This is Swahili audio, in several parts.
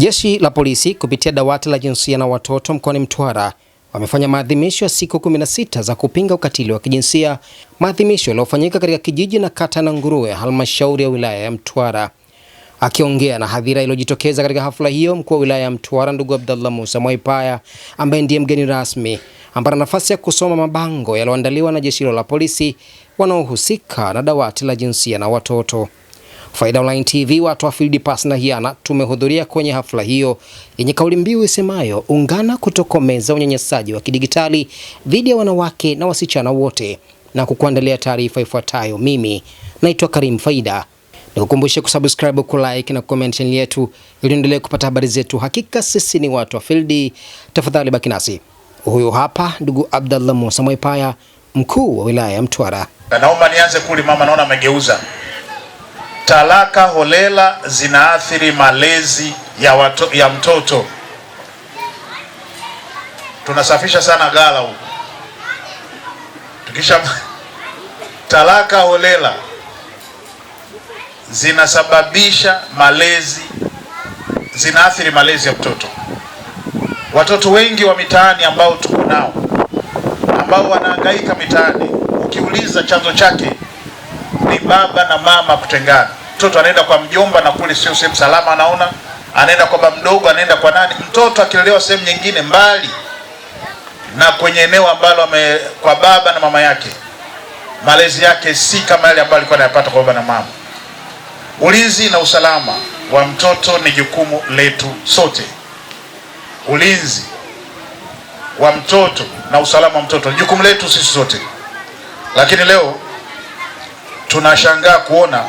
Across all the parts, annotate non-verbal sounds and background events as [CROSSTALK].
Jeshi la polisi kupitia dawati la jinsia na watoto mkoani Mtwara wamefanya maadhimisho ya siku 16 za kupinga ukatili wa kijinsia, maadhimisho yaliyofanyika katika kijiji na kata na Nguruwe, halmashauri ya wilaya ya Mtwara. Akiongea na hadhira iliyojitokeza katika hafla hiyo, mkuu wa wilaya ya Mtwara ndugu Abdallah Musa Mwaipaya, ambaye ndiye mgeni rasmi, ambana nafasi ya kusoma mabango yaliyoandaliwa na jeshi hilo la polisi wanaohusika na dawati la jinsia na watoto. Faida Online TV watu wa Field Pass na Hiana tumehudhuria kwenye hafla hiyo yenye kauli mbiu isemayo ungana kutokomeza unyanyasaji wa kidigitali dhidi ya wanawake na wasichana wote, na kukuandalia taarifa ifuatayo. Mimi naitwa Karim Faida. Nikukumbushe kusubscribe, kulike na comment channel yetu ili endelee kupata habari zetu. Hakika sisi ni watu wa Field, tafadhali baki nasi. Huyu hapa ndugu Abdallah Musa Mwaipaya, mkuu wa wilaya ya Mtwara. Na naomba nianze kule, mama, naona amegeuza talaka holela zinaathiri malezi ya, wato, ya mtoto. Tunasafisha sana gala huko tukisha [LAUGHS] talaka holela zinasababisha malezi, zinaathiri malezi ya mtoto. Watoto wengi wa mitaani ambao tuko nao ambao wanahangaika mitaani, ukiuliza chanzo chake ni baba na mama kutengana mtoto anaenda kwa mjomba na kule sio sehemu salama, anaona anaenda kwa baba mdogo, anaenda kwa nani. Mtoto akilelewa sehemu nyingine mbali na kwenye eneo ambalo ame kwa baba na mama yake, malezi yake si kama yale ambayo alikuwa anayapata kwa baba na mama. Ulinzi na usalama wa mtoto ni jukumu letu sote. Ulinzi wa mtoto na usalama wa mtoto ni jukumu letu sisi sote, lakini leo tunashangaa kuona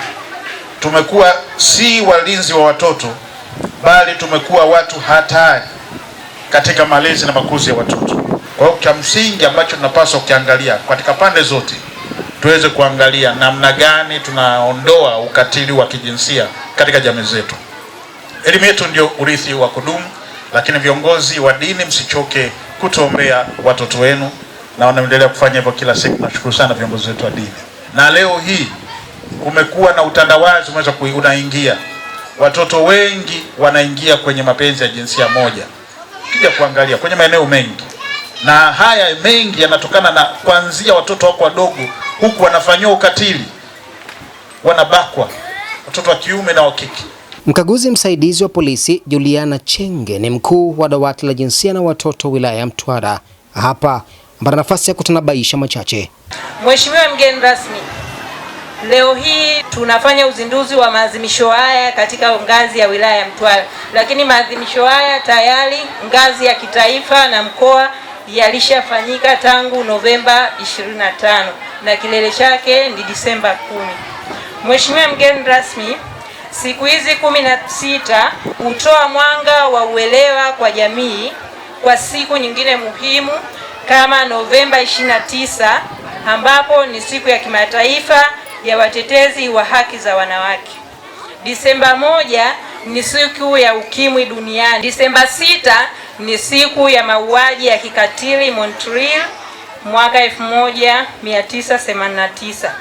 tumekuwa si walinzi wa watoto, bali tumekuwa watu hatari katika malezi na makuzi ya watoto. Kwa hiyo cha msingi ambacho tunapaswa kukiangalia katika pande zote, tuweze kuangalia namna gani tunaondoa ukatili wa kijinsia katika jamii zetu. Elimu yetu ndio urithi wa kudumu, lakini viongozi wa dini msichoke kutuombea watoto wenu, na wanaendelea kufanya hivyo kila siku. Nashukuru sana viongozi wetu wa dini, na leo hii kumekuwa na utandawazi, umeweza unaingia, watoto wengi wanaingia kwenye mapenzi ya jinsia moja, kija kuangalia kwenye maeneo mengi, na haya mengi yanatokana na kuanzia watoto wako wadogo, huku wanafanyiwa ukatili, wanabakwa watoto wa kiume na wa kike. Mkaguzi msaidizi wa polisi Juliana Chenge ni mkuu wa dawati la jinsia na watoto wilaya ya Mtwara hapa, ambapo nafasi ya kutanabaisha machache. Mheshimiwa mgeni rasmi Leo hii tunafanya uzinduzi wa maadhimisho haya katika ngazi ya wilaya ya Mtwara, lakini maadhimisho haya tayari ngazi ya kitaifa na mkoa yalishafanyika tangu Novemba 25 na kilele chake ni Disemba 10. Mheshimiwa mgeni rasmi, siku hizi kumi na sita hutoa mwanga wa uelewa kwa jamii kwa siku nyingine muhimu kama Novemba 29 ambapo ni siku ya kimataifa ya watetezi wa haki za wanawake. Disemba moja ni siku ya ukimwi duniani. Disemba sita ni siku ya mauaji ya kikatili Montreal mwaka 1989.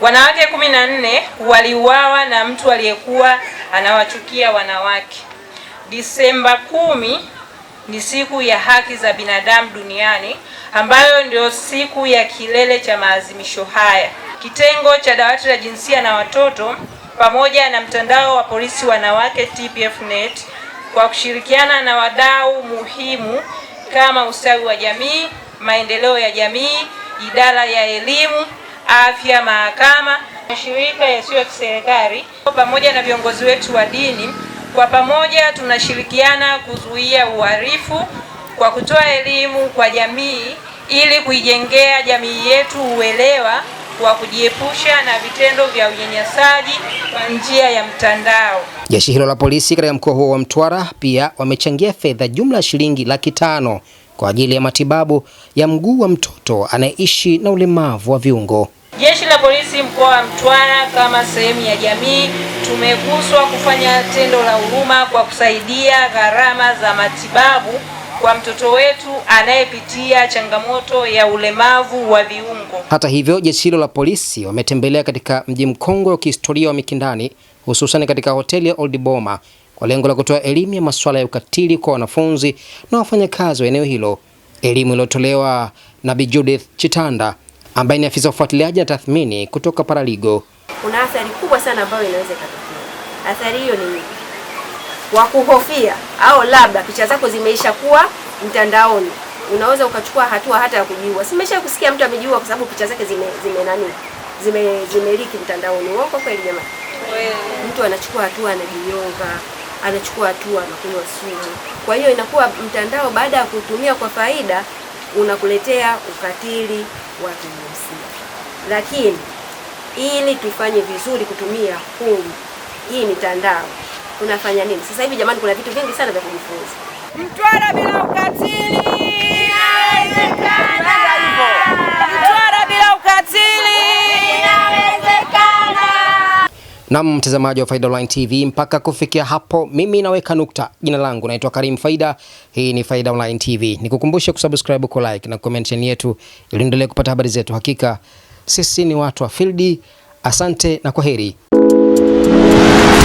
Wanawake 14 waliuawa na mtu aliyekuwa anawachukia wanawake. Disemba kumi ni siku ya haki za binadamu duniani ambayo ndio siku ya kilele cha maazimisho haya. Kitengo cha dawati la jinsia na watoto pamoja na mtandao wa polisi wanawake TPF Net kwa kushirikiana na wadau muhimu kama ustawi wa jamii, maendeleo ya jamii, idara ya elimu, afya, mahakama, mashirika yasiyo ya kiserikali pamoja na viongozi wetu wa dini kwa pamoja tunashirikiana kuzuia uhalifu kwa kutoa elimu kwa jamii ili kuijengea jamii yetu uelewa wa kujiepusha na vitendo vya unyanyasaji kwa njia ya mtandao. Jeshi hilo la polisi katika mkoa huo wa Mtwara pia wamechangia fedha jumla ya shilingi laki tano kwa ajili ya matibabu ya mguu wa mtoto anayeishi na ulemavu wa viungo. Jeshi la Polisi mkoa wa Mtwara kama sehemu ya jamii tumeguswa kufanya tendo la huruma kwa kusaidia gharama za matibabu kwa mtoto wetu anayepitia changamoto ya ulemavu wa viungo. Hata hivyo, jeshi hilo la polisi wametembelea katika mji mkongwe wa kihistoria wa Mikindani, hususan katika hoteli ya Old Boma kwa lengo la kutoa elimu ya masuala ya ukatili kwa wanafunzi na wafanyakazi wa eneo hilo, elimu iliyotolewa na Bi Judith Chitanda ambaye ni afisa ufuatiliaji na tathmini kutoka Paraligo. Kuna athari kubwa sana ambayo inaweza ikatokea. Athari hiyo ni wa kuhofia, au labda picha zako zimeisha kuwa mtandaoni, unaweza ukachukua hatua hata ya kujiua. Simesha kusikia mtu amejiua kwa sababu picha zake zime zime nani zime zimeliki mtandaoni. Uongo kweli jamani? Mtu anachukua hatua, anajionga, anachukua hatua, anakunywa sumu. Kwa hiyo inakuwa mtandao, baada ya kutumia kwa faida, unakuletea ukatili watu jinsia, lakini ili tufanye vizuri kutumia huu hii mitandao tunafanya nini sasa hivi jamani? Kuna vitu vingi sana vya kujifunza. Mtwara bila ukatili inawezekana. Na mtazamaji wa Faida Online TV, mpaka kufikia hapo mimi naweka nukta. Jina langu naitwa Karim Faida, hii ni Faida Online TV. Nikukumbushe kusubscribe, ku like na comment yetu ili endelee kupata habari zetu. Hakika sisi ni watu wa field. Asante na kwaheri.